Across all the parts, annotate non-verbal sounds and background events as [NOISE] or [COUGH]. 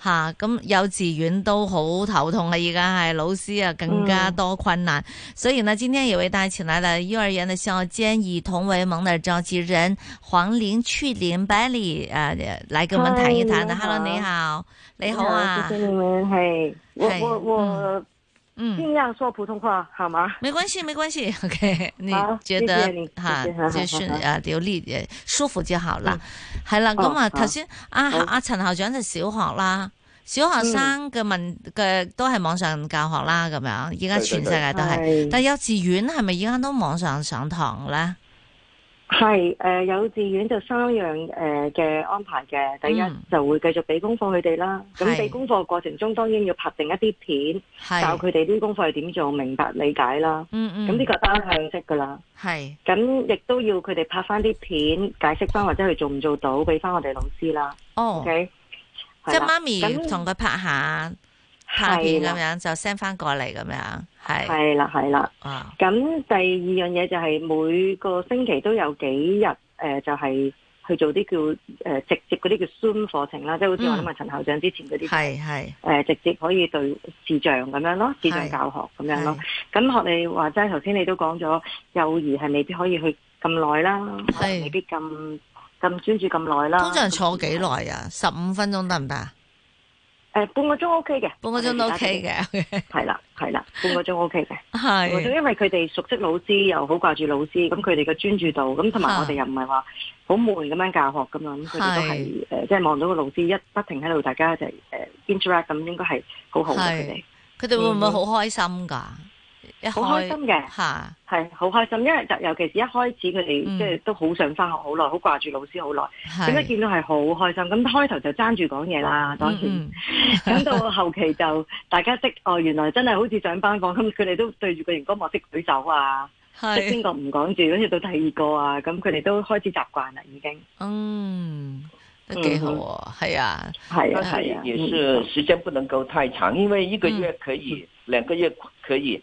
吓，咁幼稚園都好頭痛啊，而家係老師啊更加多困難，嗯、所以呢，今天也為大家請來了幼兒園的校監，以同為盟的召集人黃林趣玲 berry，誒，嚟跟我們談一談。的 Hello，你好，你好啊，你係我我我。嗯，盡量說普通話好嗎？沒關係，沒關係。OK，你覺得哈，就算啊流利也舒服就好了。係啦，咁啊頭先阿阿陳校長就小學啦，小學生嘅問嘅都係網上教學啦，咁樣而家全世界都係，但幼稚園係咪依家都網上上堂咧？係誒、呃，幼稚園就三樣誒嘅、呃、安排嘅。第一就會繼續俾功課佢哋啦。咁俾、嗯、功課過程中，是當然要拍定一啲片，是教佢哋啲功課係點做，明白理解啦、嗯。嗯嗯。咁呢個單向式噶啦。係是。咁亦都要佢哋拍翻啲片，解釋翻或者佢做唔做到，俾翻我哋老師啦。哦。OK。即係媽咪同佢拍一下，那拍片咁樣就 send 翻過嚟咁樣。的係啦，係啦。咁第二樣嘢就係每個星期都有幾日，誒、呃，就係、是、去做啲叫誒、呃、直接嗰啲叫 Zoom 課程啦，即係好似我諗啊，陳校長之前嗰啲係係誒直接可以對視像咁樣咯，視像教學咁樣咯。咁學你話齋，頭先你都講咗，幼兒係未必可以去咁耐啦，係未必咁咁專注咁耐啦。通常坐幾耐啊？十五分鐘得唔得啊？半個鐘 OK 嘅、OK，半個鐘都 OK 嘅，係啦係啦，半個鐘 OK 嘅，係，因為佢哋熟悉老師，又好掛住老師，咁佢哋嘅專注度，咁同埋我哋又唔係話好悶咁樣教學咁嘛，咁佢哋都係誒，即係望到個老師一不停喺度，大家就誒、呃、interact，咁應該係好好嘅佢哋，佢哋是們會唔會好開心噶？嗯好開心嘅，係好開心，因為就尤其是一開始佢哋即係都好想翻學，好耐，好掛住老師，好耐，點解見到係好開心？咁開頭就爭住講嘢啦，當時，等到後期就大家識哦，原來真係好似上班咁，佢哋都對住個熒光幕識舉手啊，即係邊個唔講住，跟住到第二個啊，咁佢哋都開始習慣啦，已經，嗯，都幾好，係啊，係啊，係啊，也是時間不能夠太長，因為一個月可以，兩個月可以。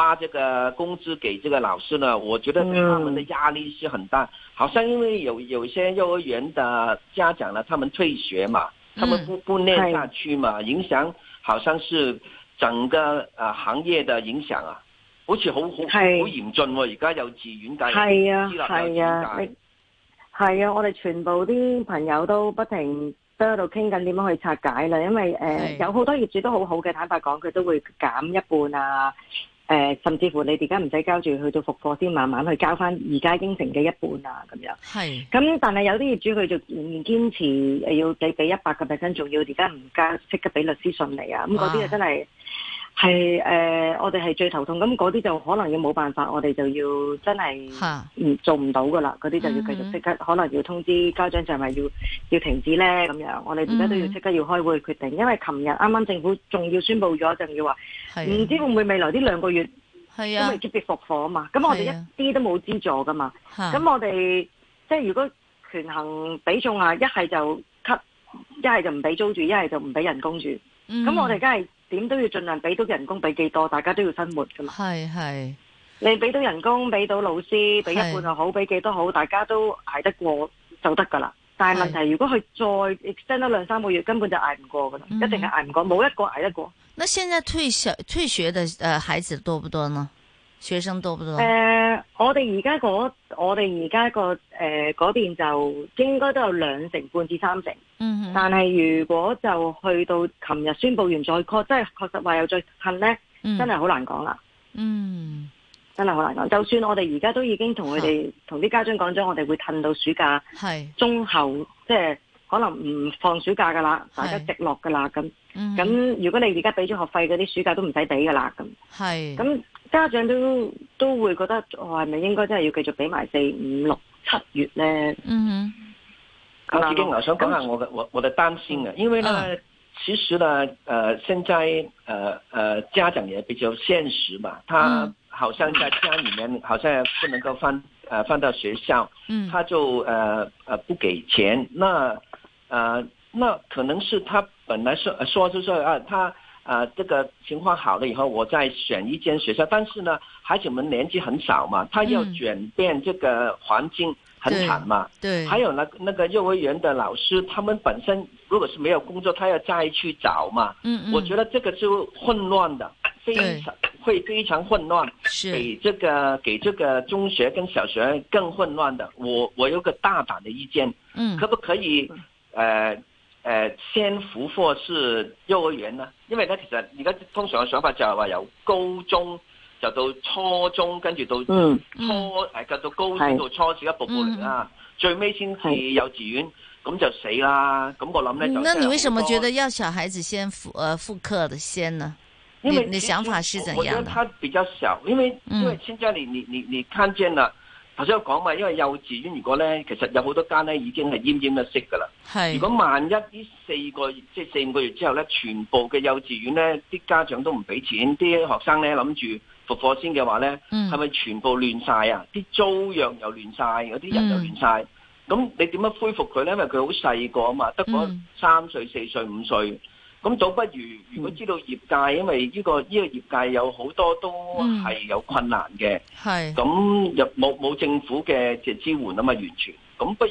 發這個工資給這個老師呢，我覺得對他們的壓力是很大，嗯、好像因為有有些幼兒園的家長呢，他們退學嘛，嗯、他們不不念下去嘛，啊、影響好像是整個、呃、行業的影響啊，好似好好好嚴、啊、峻喎、哦，而家幼稚園大私立嘅業界，係啊，啊，啊，啊，啊，我哋全部啲朋友都不停都喺度傾緊點樣去拆解啦，因為、呃啊、有好多業主都好好嘅，坦白講佢都會減一半啊。誒、呃，甚至乎你而家唔使交住去到復課先，慢慢去交翻而家應承嘅一半啊，咁樣。咁是但係有啲業主佢就仍然堅持要100，要你俾一百個 percent，仲要而家唔加，即、嗯、刻俾律師信你啊！咁嗰啲就真係。係誒、呃，我哋係最頭痛，咁嗰啲就可能要冇辦法，我哋就要真係做唔到噶啦，嗰啲就要繼續即刻，可能要通知家長係咪，就係要要停止咧咁樣。我哋而家都要即刻要開會決定，因為琴日啱啱政府仲要宣布咗，仲要話唔知會唔會未來呢兩個月、啊啊啊、因未接住復課啊嘛？咁我哋一啲都冇資助噶嘛？咁我哋即係如果權衡比重啊，一係就 cut, 一係就唔俾租住，一係就唔俾人工住，咁、啊、我哋梗係。點都要盡量俾到人工，俾幾多，大家都要生活噶嘛。係係，你俾到人工，俾到老師，俾一半又好，俾幾是多好，大家都捱得過就得噶啦。但係問題，是如果佢再 extend 多兩三個月，根本就捱唔過噶啦，嗯、一定係捱唔過，冇一個捱得過。那現在退小退學的孩子多不多呢？學生多唔多？誒、呃，我哋而家嗰我哋而家個誒嗰邊就應該都有兩成半至三成，嗯哼，但係如果就去到琴日宣布完再確，即係確實話又再褪，咧，真係好難講啦。嗯，真係好難講、嗯。就算我哋而家都已經同佢哋同啲家長講咗，我哋會褪到暑假，係是中後，即、就、係、是、可能唔放暑假噶啦，大家是直落噶啦，咁咁、嗯哼，如果你而家俾咗學費嗰啲暑假都唔使俾噶啦，咁係咁。是家長都都會覺得我係咪應該真係要繼續俾埋四五六七月咧？嗯哼，啊、我自己我想講下我嘅我着我的擔心啊，因為咧、嗯、其實咧，誒、呃，現在誒誒、呃，家長也比較現實嘛，他好像在家裏面，好像不能夠翻誒翻、呃、到學校，嗯，他就誒誒、呃呃、不給錢，那啊、呃、那可能是他本來說說就說、是、啊他。呃，這個情況好了以後，我再選一間學校。但是呢，孩子們年紀很小嘛，他要轉變這個環境很慘嘛。嗯、對，對還有那那個幼兒園的老師，他們本身如果是沒有工作，他要再去找嘛。嗯，嗯我覺得這個就混亂的，非常對會非常混亂，是比這個給這個中學跟小學更混亂的。我我有個大膽的意見，嗯，可不可以呃？誒、呃、先復課是幼稚園啦，因為咧其實而家通常嘅想法就係話由高中就到初中，跟住到初誒，到、嗯、高中到初中一步步嚟啦，最尾先至幼稚園，咁、嗯、就死啦。咁我諗咧就。那你為什麼覺得要小孩子先復誒復課的先呢？因為你想法是怎樣？我覺得佢比較小，因為、嗯、因為現在你你你你看見啦。頭先、啊、我講嘛，因為幼稚園如果咧，其實有好多間咧已經係奄奄一息㗎啦。係是，如果萬一呢四個月即係四五個月之後咧，全部嘅幼稚園咧，啲家長都唔俾錢，啲學生咧諗住復課先嘅話咧，係咪、嗯、全部亂晒啊？啲租約又亂晒，嗰啲人又亂晒。咁、嗯、你點樣恢復佢咧？因為佢好細個啊嘛，得嗰三歲、四歲、五歲。咁倒不如，如果知道業界，嗯、因為呢個呢個業界有好多都係有困難嘅。係、嗯，咁又冇冇政府嘅即係支援啊嘛，完全。咁不如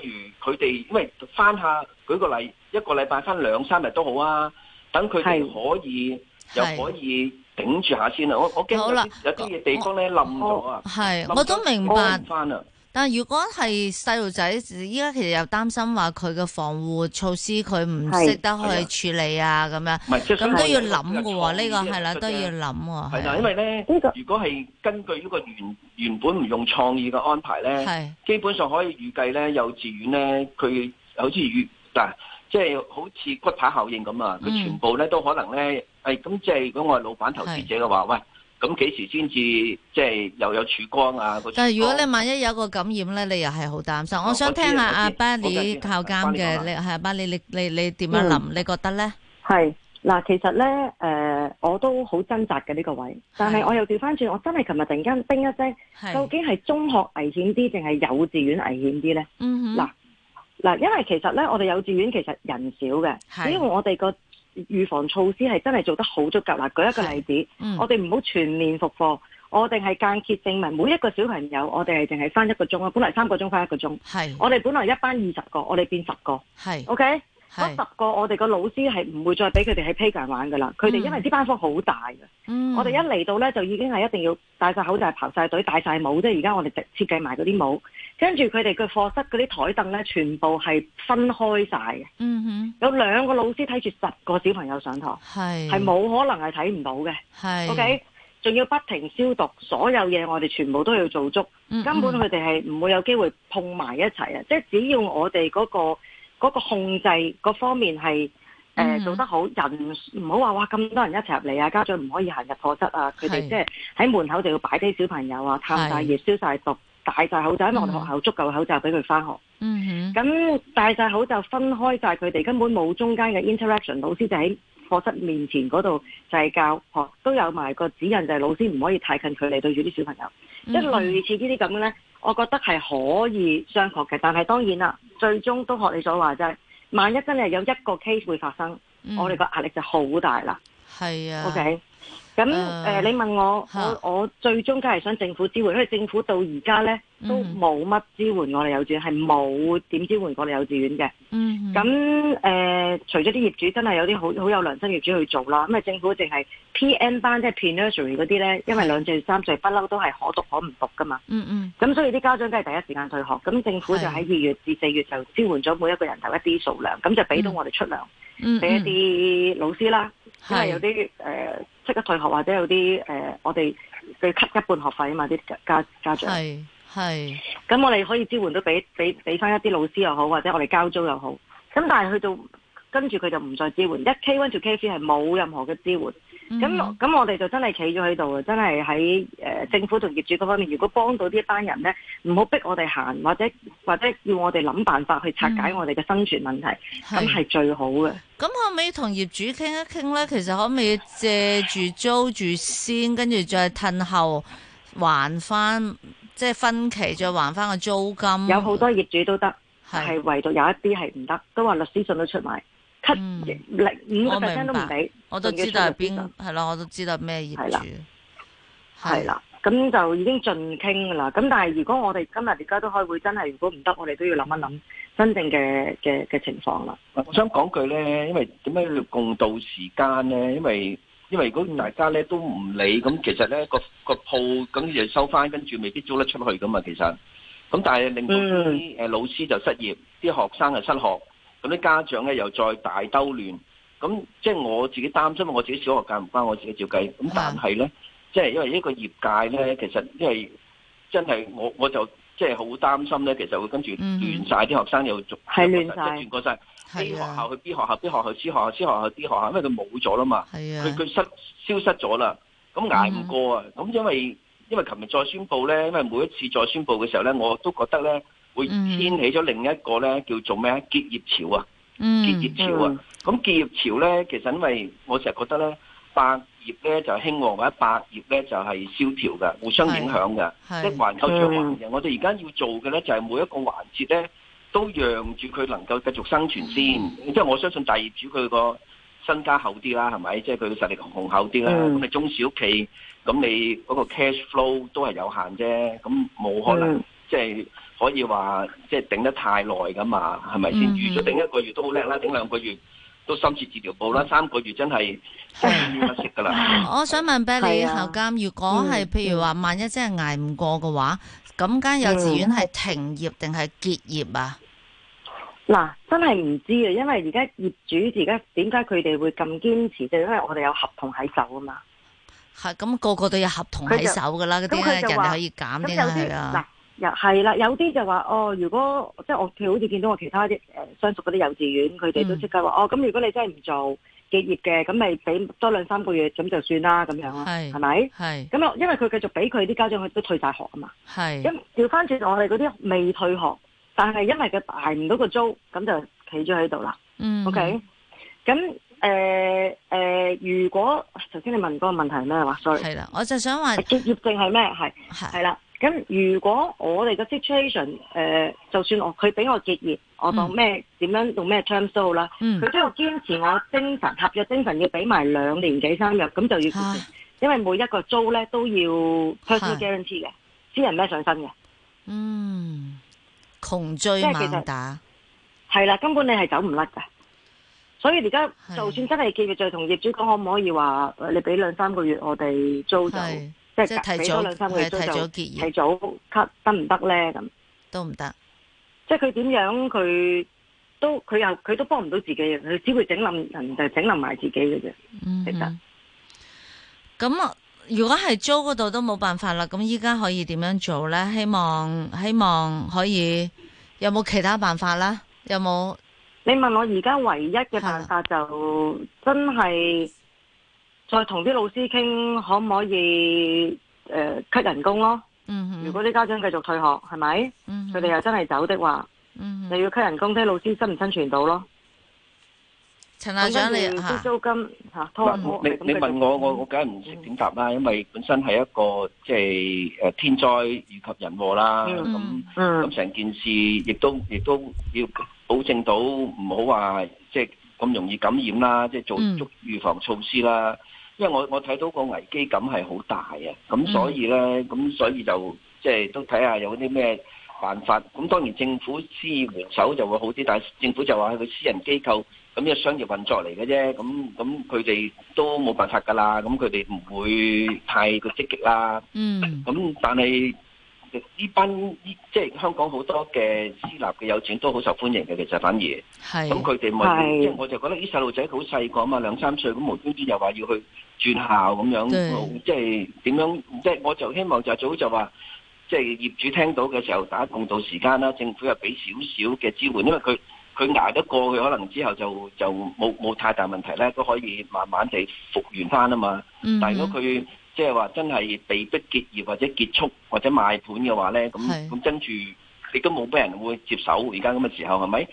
佢哋，因為翻下舉個例，一個禮拜翻兩三日都好啊。等佢哋可以是又可以頂住下先，我，我好啦，我，我驚有啲有啲地方咧冧咗啊！係，我都明白。啊！如果係細路仔，依家其實又擔心話佢嘅防護措施佢唔識得去處理啊咁樣，咁都要諗嘅喎。呢個係啦，都要諗喎。係啦，因為咧，如果係根據呢個原原本唔用創意嘅安排咧，基本上可以預計咧，幼稚園咧，佢好似如嗱，即係好似骨牌效應咁啊，佢全部咧都可能咧，誒咁即係如果我係老闆投資者嘅話，喂。咁幾時先至即係又有曙光啊？個曙光，但係如果你萬一有一個感染咧，你又係好擔心。哦、我想聽下阿巴 B 尼靠監嘅係阿 Benny，你你你點樣諗？嗯、你覺得咧？係嗱，其實咧誒、呃，我都好掙扎嘅呢、呢個位，但係我又調翻轉，我真係琴日突然間叮一聲，是究竟係中學危險啲定係幼稚園危險啲咧？嗯嗱哼嗱，因為其實咧，我哋幼稚園其實人少嘅，因為是我哋個。預防措施係真係做得好足夠啦，舉一個例子，嗯、我哋唔好全面復課，我哋係間歇證明每一個小朋友，我哋係淨係返一個鐘啊。本嚟三個鐘返一個鐘，係是我哋本嚟一班二十個，我哋變十個，係是 OK。十個是我哋個老師係唔會再俾佢哋喺 paper 玩噶啦，佢哋、嗯、因為呢班房好大嘅，嗯、我哋一嚟到呢，就已經係一定要戴曬口罩、排晒隊、戴晒帽。即係而家我哋設計埋嗰啲帽，跟住佢哋個課室嗰啲台凳呢，全部係分開晒。嘅、嗯哼。有兩個老師睇住十個小朋友上堂，係冇是可能係睇唔到嘅。是 OK，仲要不停消毒，所有嘢我哋全部都要做足，嗯嗯，根本佢哋係唔會有機會碰埋一齊啊！即係只要我哋嗰、嗰個。嗰個控制嗰方面係誒、呃、做得好，mm hmm. 人唔好話哇咁多人一齊入嚟啊！家長唔可以行入課室啊！佢哋即係喺門口就要擺低小朋友啊，探晒熱、消晒毒、戴晒口罩，因為我哋學校足夠口罩俾佢翻學。嗯、mm，咁戴晒口罩、分開晒佢哋，根本冇中間嘅 interaction。老師就喺課室面前嗰度就係教學，都有埋個指引，就係、是、老師唔可以太近距離對住啲小朋友，mm hmm. 即係類似呢啲咁嘅咧。我覺得係可以商榷嘅，但係當然啦，最終都學你所話啫。萬一真係有一個 case 會發生，嗯、我哋個壓力就好大啦。係啊。Okay? 咁誒那、uh, 呃，你問我，uh, 我我最終都係想政府支援，因為政府到而家咧都冇乜支援我哋幼稚園，係冇點支援我哋幼稚園嘅。咁誒、um, 呃，除咗啲業主真係有啲好好有良心業主去做啦，咁啊，政府淨係 P.M 班即係 Pre-nursery 嗰啲咧，因為兩歲三歲不嬲都係可讀可唔讀噶嘛。嗯嗯。咁所以啲家長真係第一時間退學，咁政府就喺二月至四月就支援咗每一個人頭一啲數量，咁就俾到我哋出糧，俾、um, 一啲老師啦，um, 因為有啲誒。Um, 是呃即刻退學，或者有啲誒、呃，我哋佢 cut 一半學費啊嘛啲家家長係係，咁我哋可以支援到俾俾俾翻一啲老師又好，或者我哋交租又好。咁但係去到跟住佢就唔再支援，一 K one to K three 係冇任何嘅支援。咁咁、嗯、我哋就真係企咗喺度真係喺、呃、政府同業主嗰方面，如果幫到呢一班人咧，唔好逼我哋行，或者或者要我哋諗辦法去拆解我哋嘅生存問題，咁係、嗯、最好嘅。咁可唔可以同業主傾一傾咧？其實可唔可以借住租住先，跟住再褪後還翻，即係分期再還翻個租金？有好多業主都得，係是唯獨有一啲係唔得，都話律師信都出埋咳，零五個 percent 都唔俾。我都知道邊係啦，我都知道咩業主係啦，咁了是就已經盡傾啦。咁但係如果我哋今日而家都開會，真係如果唔得，我哋都要諗一諗真正嘅嘅嘅情況啦。我想講句咧，因為點解要共度時間咧？因為因為如果大家咧都唔理，咁其實咧個個鋪咁就收翻，跟住未必租得出去噶嘛。其實咁但係令到啲誒老師就失業，啲學生就失學，咁啲家長咧又再大兜亂。咁即係我自己擔心我自己小學界唔返，我自己照計。咁是的 但係咧，即、就、係、是、因為一個業界咧，其實因、就、係、是，真係我我就即係好擔心咧，其實會跟住亂晒啲的學生又續係亂曬，轉過曬啲學校去 B 學校、是的 學校 B 學校、C 學，學校、C 是的 學校、D 學校，因為佢冇咗啦嘛，佢佢是的 失消失咗啦，咁捱唔過啊！咁是的 因為因為琴日再宣布咧，因為每一次再宣布嘅時候咧，我都覺得咧會掀起咗另一個咧叫做咩啊結業潮啊！結業潮啊，咁結、嗯、業潮咧，其實因為我成日覺得咧，百業咧就興旺，或者百業咧就係蕭條噶，互相影響噶，即係環扣住環嘅。的我哋而家要做嘅咧，就係、是、每一個環節咧，都讓住佢能夠繼續生存先。即係、嗯、我相信大業主佢個身家厚啲啦，係咪？即係佢實力雄厚啲啦。咁、嗯、你中小企，咁你嗰個 cash flow 都係有限啫，咁冇可能、嗯、即係。可以話即係頂得太耐噶嘛？係咪先？預咗頂一個月都好叻啦，頂兩個月都深切治療部啦，三個月真係真要噶啦！ [LAUGHS] 我想問 Belle 校、啊、監，如果係、嗯、譬如話，萬一真係捱唔過嘅話，咁間幼稚園係停業定係結業啊？嗱，真係唔知啊，因為而家業主而家點解佢哋會咁堅持？就係、因為我哋有合同喺手啊嘛。係咁，噉個個都有合同喺手噶啦，嗰啲就人哋可以減啲啊。係啦，有啲就話哦，如果即係我好似見到我其他啲誒相熟嗰啲幼稚園，佢哋都即刻話、嗯、哦，咁如果你真係唔做結業嘅，咁咪俾多兩三個月，咁就算啦，咁樣咯，係咪？係咁因為佢繼續俾佢啲家長佢都退晒學啊嘛，係是。咁調翻轉我哋嗰啲未退學，但係因為佢排唔到個租，咁就企咗喺度啦。嗯，OK。咁誒誒，如果頭先你問嗰個問題係咩話？sorry，係啦，我就想話結業證係咩？係係啦。的咁如果我哋嘅 situation，誒，就算我佢俾我結業，我當咩點樣用咩 terms 租啦，嗯，佢都要堅持我精神合約，精神要俾埋兩年幾三日，咁就要，唉因為每一個租咧都要 personal guarantee 嘅，唉私人咩上身嘅，嗯，窮追猛打，係啦，根本你係走唔甩噶，所以而家是就算真係結業，再同業主講可唔可以話，你俾兩三個月我哋租就。即係提早，提早結業，提早得唔得咧？咁都唔得。即係佢點樣，佢都佢又佢都幫唔到自己，佢只會整冧人，就整冧埋自己嘅啫。嗯哼，得實。咁如果係租嗰度都冇辦法啦。咁依家可以點樣做咧？希望希望可以有冇其他辦法啦？有冇？你問我而家唯一嘅辦法的就真係。再同啲老師傾，可唔可以誒 cut 人工咯？嗯哼，如果啲家長繼續退學，係咪？嗯，佢哋又真係走的話，嗯，你要 cut 人工，睇老師薪唔薪存到咯。陳校長，你 cut 租金嚇拖唔拖唔？你你問我，我我梗係唔識點答啦，因為本身係一個即係誒天災以及人禍啦。嗯嗯。咁咁成件事亦都亦都要保證到唔好話即係咁容易感染啦，即係做足預防措施啦。因為我我睇到個危機感係好大啊，咁所以咧，咁所以就即係、就是、都睇下有啲咩辦法。咁當然政府支援手就會好啲，但係政府就話佢私人機構咁嘅商業運作嚟嘅啫，咁咁佢哋都冇辦法㗎啦，咁佢哋唔會太過積極啦。嗯，咁但係。呢班，即係香港好多嘅私立嘅有錢都好受歡迎嘅，其實反而，咁佢哋咪，是即係我就覺得啲細路仔好細個啊嘛，兩三歲咁，無端端又話要去轉校咁樣，對樣，即係點樣？即係我就希望就早就話，即係業主聽到嘅時候大家共度時間啦，政府又俾少少嘅支援，因為佢佢捱得過去，可能之後就就冇冇太大問題咧，都可以慢慢地復原返啊嘛。嗯嗯，但係如果佢即係話真係被迫結業或者結束或者賣盤嘅話咧，咁咁跟住你都冇咩人會接手而家咁嘅時候係咪？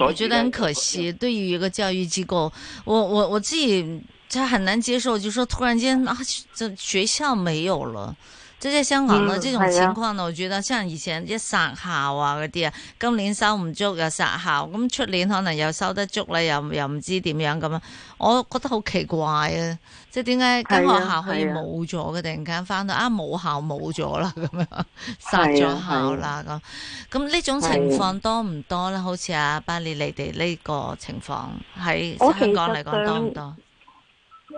我覺得很可惜，嗯、對於一個教育機構，我我我自己真係很難接受，就說突然間啊，這學校沒有咯，即係香港嘅、嗯、這種情況，啊、我覺得，即係以前一殺校啊嗰啲啊，今年收唔足又殺校，咁出年可能又收得足啦，又又唔知點樣咁啊，我覺得好奇怪啊。即係點解間學校可以冇咗嘅？啊啊、突然間翻到啊，母校冇咗啦，咁樣殺咗校啦咁。咁呢、啊啊、種情況多唔多咧？啊啊、好似阿巴里你哋呢個情況喺香港嚟講多唔多？誒、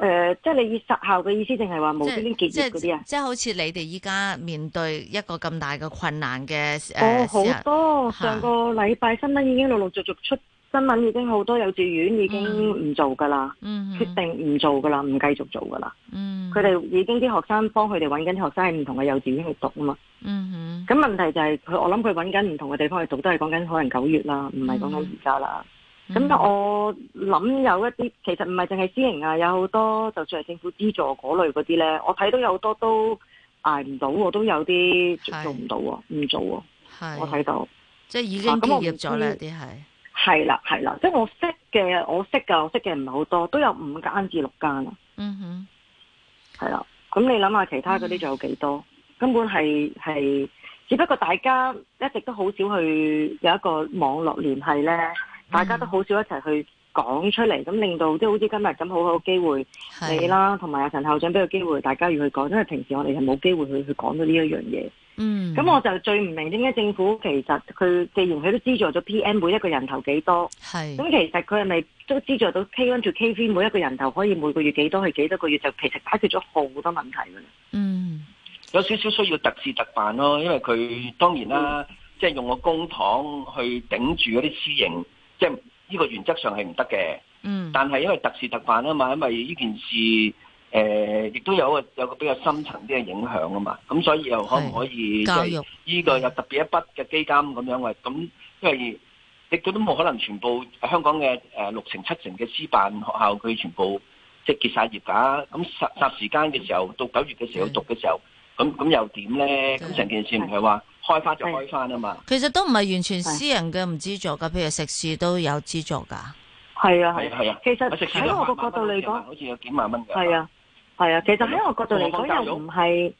呃，即係你要實效嘅意思端端，定係話冇呢啲即係好似你哋依家面對一個咁大嘅困難嘅誒，我、呃哦、好多日上個禮拜新聞已經陸陸續續出。新聞已經好多幼稚園已經唔做噶啦，mm hmm. 決定唔做噶啦，唔繼續做噶啦。佢哋、mm hmm. 已經啲學生幫佢哋揾緊啲學生喺唔同嘅幼稚園去讀啊嘛。咁、mm hmm. 問題就係、是、佢，我諗佢揾緊唔同嘅地方去讀，都係講緊可能九月啦，唔係講緊而家啦。咁、mm hmm. 我諗有一啲，其實唔係淨係私營啊，有好多就算係政府資助嗰類嗰啲呢，我睇到有好多都挨唔到，我都有啲做唔到啊，唔做啊，我睇到，即係已經結業咗係啦，係啦，即係我識嘅，我識噶，我識嘅唔係好多，都有五間至六間啦。嗯哼、mm，係啦，hmm.，咁你諗下其他嗰啲仲有幾多？Mm hmm. 根本係係，只不過大家一直都好少去有一個網絡聯繫咧，mm hmm. 大家都好少一齊去。講出嚟咁令到即係好似今日咁好好機會的、嗯、你啦，同埋阿陳校長俾個機會大家要去講，因為平時我哋係冇機會去去講到呢一樣嘢。嗯，咁我就最唔明點解政府其實佢既然佢都資助咗 PM 每一個人頭幾多，係咁的、嗯、其實佢係咪都資助到 K 跟住 KV 每一個人頭可以每個月幾多？係幾多個月就其實解決咗好多問題㗎啦。嗯，有少少需要特事特辦咯，因為佢當然啦，嗯、即係用個公帑去頂住嗰啲私營，即係。呢個原則上係唔得嘅，嗯，但係因為特事特辦啊嘛，因為呢件事，誒、呃、亦都有個有個比較深層啲嘅影響啊嘛，咁所以又可唔可以是教育即係呢個有特別一筆嘅基金咁樣嘅，咁是因為亦佢都冇可能全部香港嘅誒六成七成嘅私辦學校佢全部即係結晒業架，咁霎霎時間嘅時候到九月嘅時候讀嘅時候，咁咁是又點咧？咁成是件事唔係話。開發就開翻啊嘛，其實都唔係完全私人嘅唔資助噶，啊、譬如食肆都有資助噶，係啊係啊係啊，其實喺我個角度嚟講，好似有幾萬蚊，係啊係啊，其實喺我角度嚟講又唔係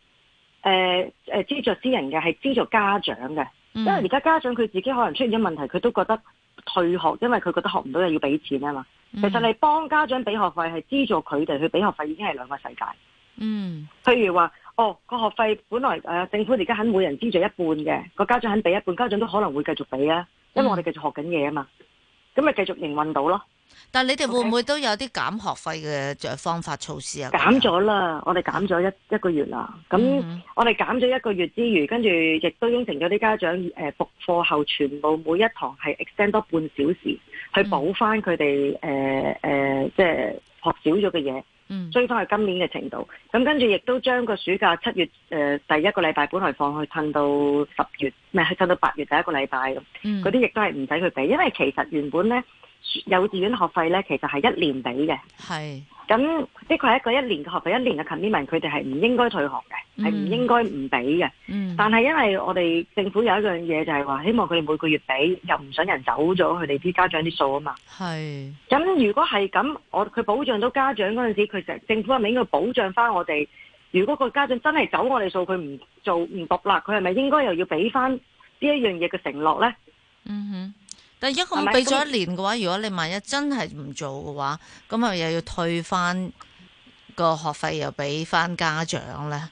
誒誒資助私人嘅，係資助家長嘅，嗯、因為而家家長佢自己可能出現咗問題，佢都覺得退學，因為佢覺得學唔到又要俾錢啊嘛，嗯、其實你幫家長俾學費係資助佢哋去俾學費已經係兩個世界。嗯，譬如話哦，個學費本來誒，政府而家肯每人資助一半嘅，個家長肯俾一半，家長都可能會繼續俾啊，因為我哋繼續學緊嘢啊嘛，咁咪繼續營運到咯。但係你哋會唔會都有啲減學費嘅著方法措施啊？減咗啦，我哋減咗一一個月啦。咁、嗯、我哋減咗一個月之餘，跟住亦都應承咗啲家長誒，復、呃、課後全部每一堂係 extend 多半小時，去補翻佢哋誒誒，即係學少咗嘅嘢。追翻去今年嘅程度，咁跟住亦都將個暑假七月誒、呃、第一個禮拜本來放去褪到十月，唔係去褪到八月第一個禮拜咁，嗰啲亦都係唔使佢俾，因為其實原本呢幼稚園學費呢，其實係一年俾嘅。係。咁即佢係一個一年嘅學費，一年嘅 commitment 佢哋係唔應該退學嘅，係唔、嗯、應該唔俾嘅。嗯，但係因為我哋政府有一樣嘢就係話，希望佢哋每個月俾，又唔想人走咗，佢哋啲家長啲數啊嘛。咁係如果係咁，我佢保障到家長嗰陣時，佢成政府係咪應該保障翻我哋？如果個家長真係走我哋數，佢唔做唔讀啦，佢係咪應該又要俾翻呢一樣嘢嘅承諾咧？嗯哼。但一共咁俾咗一年嘅話，是是如果你萬一真係唔做嘅話，咁咪又要退翻個學費又俾翻家長咧？誒、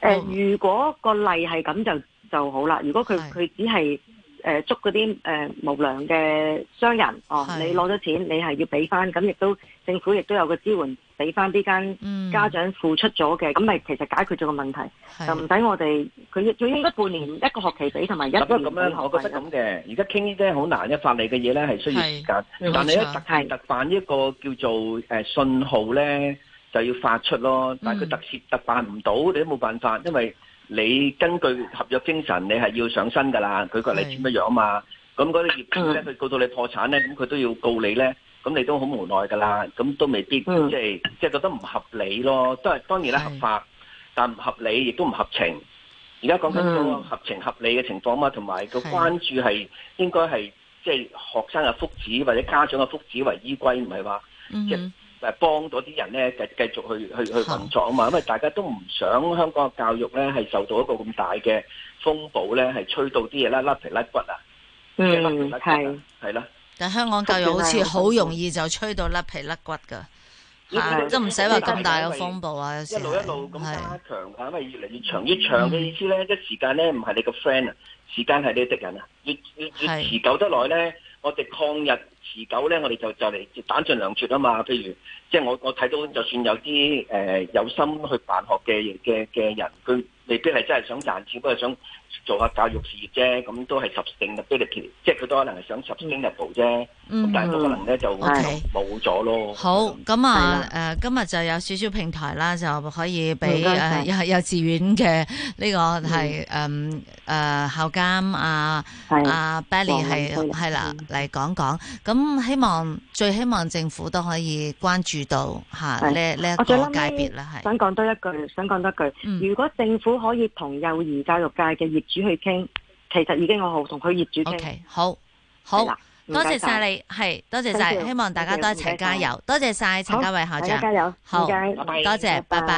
呃哦，如果個例係咁就就好啦。如果佢佢只係。誒、呃、捉嗰啲誒無良嘅商人哦，是你攞咗錢，你係要俾翻，咁亦都政府亦都有個支援俾翻呢間家長付出咗嘅，咁咪、嗯、其實解決咗個問題，是就唔使我哋佢最應該半年一個學期俾，同埋一年半。咁樣，我覺得咁嘅，而家傾咧好難，一法例嘅嘢咧係需要時間，是但係咧特事是特辦呢一個叫做誒、呃、信號咧就要發出咯，但係佢特事、嗯、特辦唔到，你都冇辦法，因為。你根據合約精神，你係要上身噶啦，舉個例子乜樣啊嘛？咁嗰啲業主咧，佢告到你破產咧，咁佢都要告你咧，咁你都好無奈噶啦，咁都未必即係即係覺得唔合理咯，都係當然合法，是但唔合理亦都唔合情。而家講緊個合情合理嘅情況嘛，同埋個關注係是應該係即係學生嘅福祉或者家長嘅福祉為依歸，唔係話誒幫到啲人咧，繼繼續去去去運作啊嘛，因為大家都唔想香港嘅教育咧係受到一個咁大嘅風暴咧，係吹到啲嘢甩甩皮甩骨啊，嗯，係啦。的的但香港教育好似好容易就吹到甩皮甩骨㗎，都唔使話咁大嘅風暴啊，一路一路咁加強啊，的因為越嚟越長，的越，越長嘅、嗯、意思咧，啲時間咧唔係你個 friend 啊，時間係你敵人啊，越越越持久得耐咧，我哋抗日。持久咧，我哋就就嚟打盡兩絕啊嘛！譬如，即係我我睇到，就算有啲誒、呃、有心去辦學嘅嘅嘅人，佢。未必係真係想賺錢，不過想做下教育事業啫，咁都係十升入比即係佢都可能係想十升入步啫。咁但係都可能咧就冇咗咯。好咁啊！誒，今日就有少少平台啦，就可以俾誒幼幼稚園嘅呢個係誒誒校監啊，係阿 Billy 係係啦嚟講講。咁希望最希望政府都可以關注到嚇呢呢一個界別啦。係想講多一句，想講多一句，如果政府可以同幼兒教育界嘅業主去傾，其實已經我好同佢業主傾，好好多謝晒你，係，多謝晒，希望大家都一齊加油，多謝晒陳家偉校長，加油，好，多謝，拜拜。